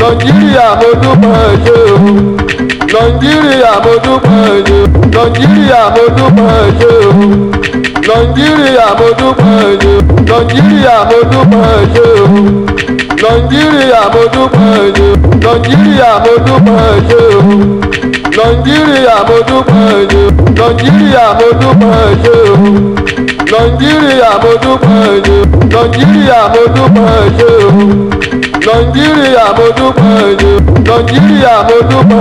nàìjíríà mo dúpẹ́ yé o nàìjíríà mo dúpẹ́ yé o nàìjíríà mo dúpẹ́ yé o nàìjíríà mo dúpẹ́ yé o nàìjíríà mo dúpẹ́ yé o nàìjíríà mo dúpẹ́ yé o nàìjíríà mo dúpẹ́ yé o nàìjíríà mo dúpẹ́ yé o nàìjíríà mo dúpẹ́ yé o nàìjíríà mo dúpẹ́ yé o nàìjíríà mo dúpẹ́ yé o nàìjíríà mo dúpẹ́ yìí nàìjíríà mo dúpẹ́.